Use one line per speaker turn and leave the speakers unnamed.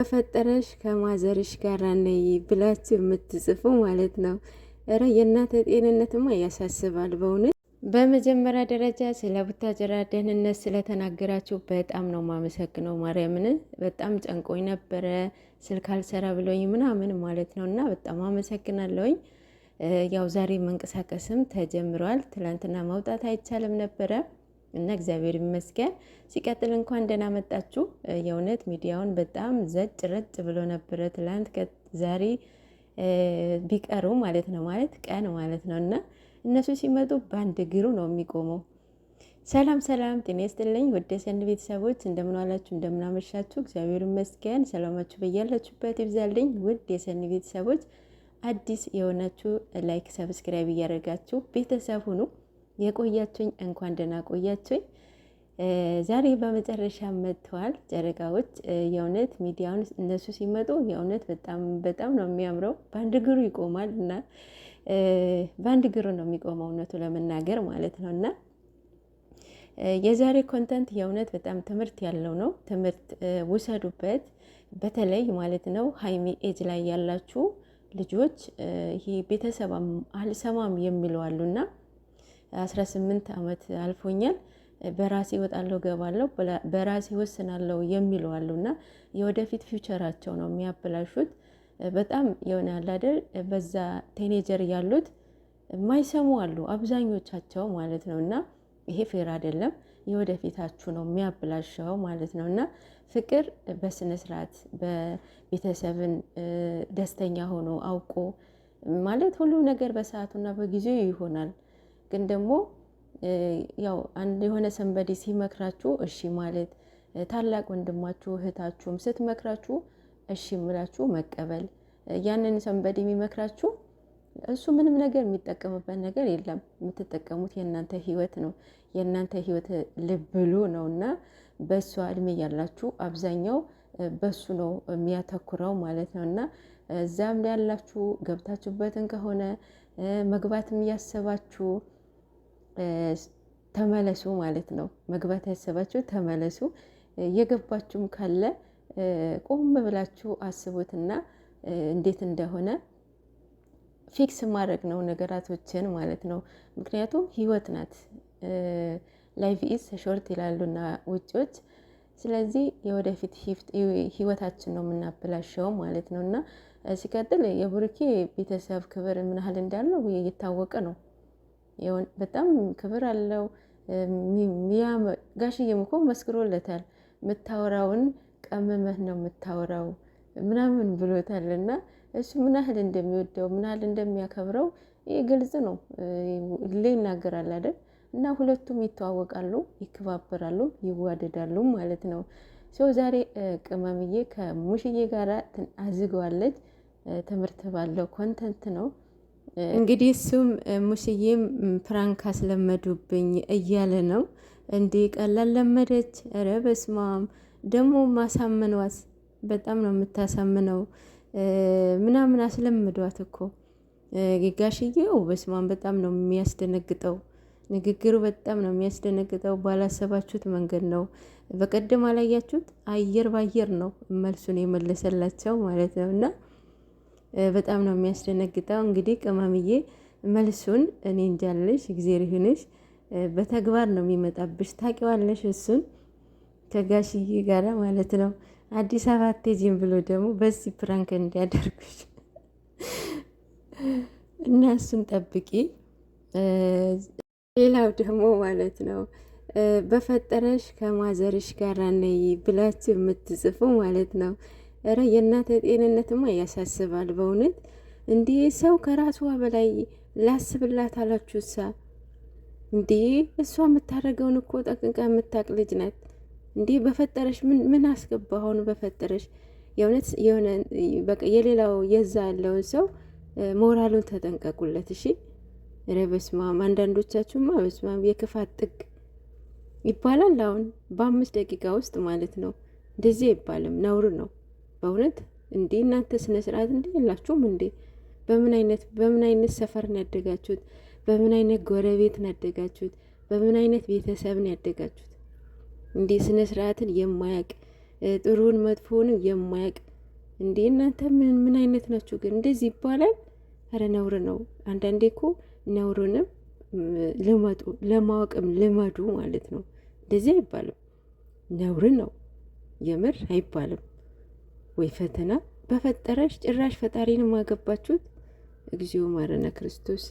ከፈጠረሽ ከማዘርሽ ጋር ነይ ብላችሁ የምትጽፉ ማለት ነው። እረ የእናተ ጤንነትማ ያሳስባል በእውነት።
በመጀመሪያ ደረጃ ስለ ቡታጀራ ደህንነት ስለተናገራችሁ በጣም ነው ማመሰግነው። ማርያምን በጣም ጨንቆኝ ነበረ ስልክ አልሰራ ብሎኝ ምናምን ማለት ነው እና በጣም አመሰግናለውኝ። ያው ዛሬ መንቀሳቀስም ተጀምሯል። ትላንትና መውጣት አይቻልም ነበረ እና እግዚአብሔር ይመስገን። ሲቀጥል እንኳን ደህና መጣችሁ። የእውነት ሚዲያውን በጣም ዘጭ ረጭ ብሎ ነበረ ትላንት ዛሬ ቢቀሩ ማለት ነው ማለት ቀን ማለት ነው እና እነሱ ሲመጡ በአንድ እግሩ ነው የሚቆመው። ሰላም ሰላም፣ ጤና ይስጥልኝ ወደ ሰንድ ቤተሰቦች እንደምን ዋላችሁ እንደምን አመሻችሁ። እግዚአብሔር ይመስገን። ሰላማችሁ በያላችሁበት ይብዛልኝ። ውድ የሰንድ ቤተሰቦች አዲስ የሆናችሁ ላይክ፣ ሰብስክራይብ እያደረጋችሁ ቤተሰብ ሁኑ። የቆያችሁኝ እንኳን ደህና ቆያችሁኝ። ዛሬ በመጨረሻ መጥተዋል ጨረቃዎች። የእውነት ሚዲያውን እነሱ ሲመጡ የእውነት በጣም በጣም ነው የሚያምረው። በአንድ እግሩ ይቆማል እና በአንድ እግሩ ነው የሚቆመው እውነቱ ለመናገር ማለት ነው እና የዛሬ ኮንተንት የእውነት በጣም ትምህርት ያለው ነው። ትምህርት ውሰዱበት። በተለይ ማለት ነው ሀይሚ ኤጅ ላይ ያላችሁ ልጆች ይሄ ቤተሰብ አልሰማም የሚለው አሉና አስራ ስምንት ዓመት አልፎኛል። በራሴ እወጣለሁ ገባለሁ፣ በራሴ ወስናለሁ የሚለው አሉ እና የወደፊት ፊውቸራቸው ነው የሚያበላሹት። በጣም የሆነ አላደር በዛ ቴኔጀር ያሉት ማይሰሙ አሉ አብዛኞቻቸው ማለት ነው። እና ይሄ ፌር አይደለም፣ የወደፊታችሁ ነው የሚያብላሸው ማለት ነው። እና ፍቅር በስነ ስርዓት በቤተሰብን ደስተኛ ሆኖ አውቆ ማለት ሁሉ ነገር በሰዓቱና በጊዜው ይሆናል። ግን ደግሞ ያው አንድ የሆነ ሰንበዴ ሲመክራችሁ እሺ ማለት ታላቅ ወንድማችሁ እህታችሁም ስትመክራችሁ እሺ ምላችሁ መቀበል። ያንን ሰንበዴ የሚመክራችሁ እሱ ምንም ነገር የሚጠቀምበት ነገር የለም። የምትጠቀሙት የእናንተ ህይወት ነው። የእናንተ ህይወት ልብሉ ነው እና በእሷ እድሜ ያላችሁ አብዛኛው በሱ ነው የሚያተኩረው ማለት ነው እና እዛም ላይ ያላችሁ ገብታችሁበትን ከሆነ መግባትም እያሰባችሁ ተመለሱ ማለት ነው። መግባት ያሰባችሁ ተመለሱ። የገባችሁም ካለ ቆም ብላችሁ አስቡትና እንዴት እንደሆነ ፊክስ ማድረግ ነው ነገራቶችን ማለት ነው። ምክንያቱም ህይወት ናት። ላይፍ ኢዝ ሾርት ይላሉና ውጪዎች። ስለዚህ የወደፊት ህይወታችን ነው የምናበላሸው ማለት ነው። እና ሲቀጥል የቡርኬ ቤተሰብ ክብር ምን ያህል እንዳለው እየታወቀ ነው። በጣም ክብር አለው። ጋሽዬም እኮ መስክሮለታል። የምታወራውን ቀመመህ ነው የምታወራው ምናምን ብሎታል። እና እሱ ምን ያህል እንደሚወደው ምን ያህል እንደሚያከብረው ይህ ግልጽ ነው። ሌ ይናገራል አይደል? እና ሁለቱም ይተዋወቃሉ፣ ይከባበራሉ፣ ይዋደዳሉ ማለት ነው። ሰው ዛሬ ቅመምዬ ከሙሽዬ ጋር አዝገዋለች። ትምህርት ባለው ኮንተንት ነው።
እንግዲህ እሱም ሙሽዬም ፕራንክ አስለመዱብኝ እያለ ነው። እንዲህ ቀላል ለመደች። ኧረ በስመ አብ ደግሞ ማሳመኗት በጣም ነው የምታሳምነው ምናምን አስለምዷት እኮ ጋሽዬው። በስመ አብ በጣም ነው የሚያስደነግጠው ንግግሩ፣ በጣም ነው የሚያስደነግጠው። ባላሰባችሁት መንገድ ነው። በቀደም አላያችሁት? አየር ባየር ነው መልሱን የመለሰላቸው ማለት ነው እና በጣም ነው የሚያስደነግጠው። እንግዲህ ቅመምዬ መልሱን እኔ እንጃለሽ፣ እግዜር ይሁንሽ። በተግባር ነው የሚመጣብሽ፣ ታቂዋለሽ እሱን ከጋሽዬ ጋራ ማለት ነው። አዲስ አበባ አትሄጂም ብሎ ደግሞ በዚህ ፕራንክ እንዲያደርጉሽ እና እሱን ጠብቂ።
ሌላው ደግሞ ማለት ነው በፈጠረሽ ከማዘርሽ ጋር ነይ ብላችሁ የምትጽፉ ማለት ነው እረ የእናተ ጤንነትማ ያሳስባል በእውነት እንዴ! ሰው ከራሷ በላይ ላስብላት አላችሁሳ እንዴ! እሷ የምታደርገውን እኮ ጠንቅቃ የምታቅ ልጅ ናት። እንዴ በፈጠረሽ ምን ምን አስገባ አሁን በፈጠረሽ የእውነት የሆነ በቃ የሌላው የዛ ያለውን ሰው ሞራሉን ተጠንቀቁለት። እሺ ኧረ በስመ አብ አንዳንዶቻችሁማ በስመ አብ የክፋት ጥግ ይባላል። አሁን በአምስት ደቂቃ ውስጥ ማለት ነው። እንደዚህ አይባልም፣ ነውር ነው። በእውነት እንዴ እናንተ ስነ ስርዓት እንዴ የላችሁም እንዴ? በምን አይነት በምን አይነት ሰፈር ነው ያደጋችሁት? በምን አይነት ጎረቤት ነው ያደጋችሁት? በምን አይነት ቤተሰብ ነው ያደጋችሁት? እንዴ ስነ ስርዓትን የማያቅ ጥሩን መጥፎንም የማያቅ እንዴ እናንተ ምን ምን አይነት ናችሁ ግን? እንደዚህ ይባላል። ኧረ ነውር ነው። አንዳንዴ እኮ ነውሩንም ልመጡ ለማወቅም ልመዱ ማለት ነው። እንደዚህ አይባልም። ነውር ነው የምር አይባልም። ወይ ፈተና በፈጠረሽ ጭራሽ ፈጣሪንም አገባችሁት። እግዚኦ ማረነ ክርስቶስ።